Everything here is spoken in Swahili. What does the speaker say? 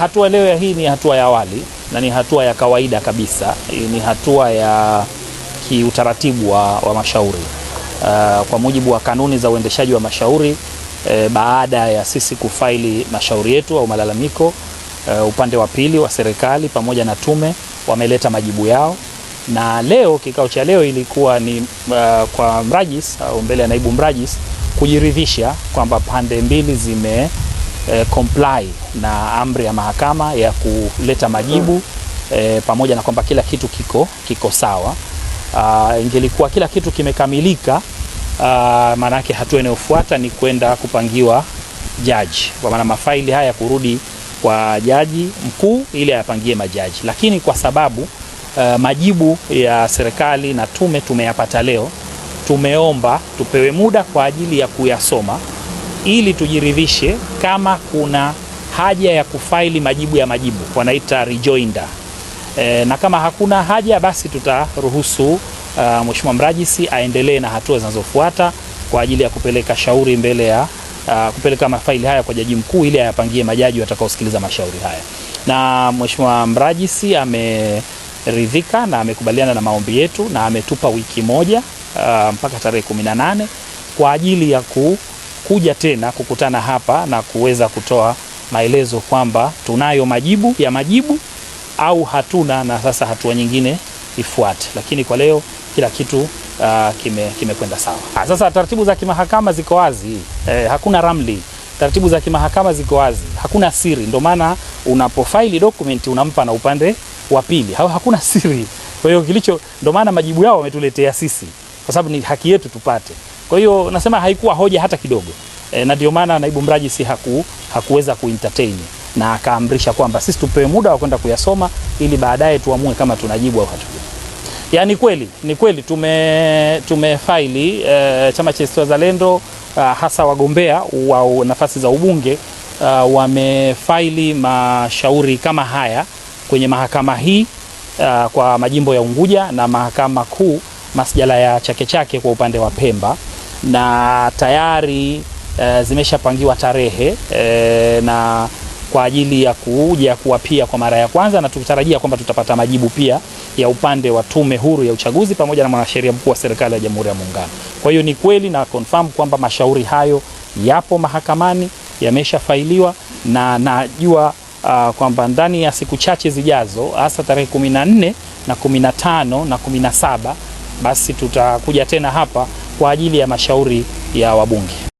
hatua leo ya hii ni hatua ya awali na ni hatua ya kawaida kabisa, ni hatua ya kiutaratibu wa, wa mashauri uh, kwa mujibu wa kanuni za uendeshaji wa mashauri eh, baada ya sisi kufaili mashauri yetu au malalamiko uh, upande wa pili wa serikali pamoja na tume wameleta majibu yao, na leo kikao cha leo ilikuwa ni uh, kwa mrajis au mbele ya naibu mrajis kujiridhisha kwamba pande mbili zime eh, comply na amri ya mahakama ya kuleta majibu hmm. eh, pamoja na kwamba kila kitu kiko, kiko sawa. Uh, ingelikuwa kila kitu kimekamilika, uh, ah, maana yake hatua inayofuata ni kwenda kupangiwa jaji, kwa maana mafaili haya kurudi kwa jaji mkuu ili ayapangie majaji, lakini kwa sababu uh, majibu ya serikali na tume tumeyapata leo, tumeomba tupewe muda kwa ajili ya kuyasoma ili tujiridhishe kama kuna haja ya kufaili majibu ya majibu, wanaita rejoinder e, na kama hakuna haja basi tutaruhusu uh, Mheshimiwa mrajisi aendelee na hatua zinazofuata kwa ajili ya kupeleka shauri mbele ya uh, kupeleka mafaili haya kwa jaji mkuu ili ayapangie majaji watakaosikiliza mashauri haya. Na Mheshimiwa mrajisi ameridhika na amekubaliana na maombi yetu na ametupa wiki moja uh, mpaka tarehe 18 kwa ajili ya ku kuja tena kukutana hapa na kuweza kutoa maelezo kwamba tunayo majibu ya majibu au hatuna, na sasa hatua nyingine ifuate. Lakini kwa leo kila kitu uh, kimekwenda kime sawa. Ah, sasa taratibu za kimahakama ziko wazi eh, hakuna ramli. Taratibu za kimahakama ziko wazi, hakuna siri. Ndio maana unapofaili dokumenti unampa na upande wa pili, hakuna siri. Kwa hiyo kilicho, ndio maana majibu yao wametuletea sisi, kwa sababu ni haki yetu tupate. Kwa hiyo nasema haikuwa hoja hata kidogo e, na ndio maana naibu mrajisi haku, hakuweza kuentertain na akaamrisha kwamba sisi tupewe muda wa kwenda kuyasoma ili baadaye tuamue kama tunajibu au hatujibu. Yaani kweli ni kweli tume tumefaili e, chama cha ACT Wazalendo e, hasa wagombea wa nafasi za ubunge e, wamefaili mashauri kama haya kwenye mahakama hii uh, kwa majimbo ya Unguja na mahakama kuu masjala ya Chake Chake kwa upande wa Pemba na tayari e, zimeshapangiwa tarehe e, na kwa ajili ya kuja kuwapia kwa mara ya kwanza, na tukitarajia kwamba tutapata majibu pia ya upande wa Tume Huru ya Uchaguzi pamoja na Mwanasheria Mkuu wa Serikali ya Jamhuri ya Muungano. Kwa hiyo ni kweli na confirm kwamba mashauri hayo yapo mahakamani, yameshafailiwa na najua uh, kwamba ndani ya siku chache zijazo, hasa tarehe 14 na 15 na 17, basi tutakuja tena hapa kwa ajili ya mashauri ya wabunge.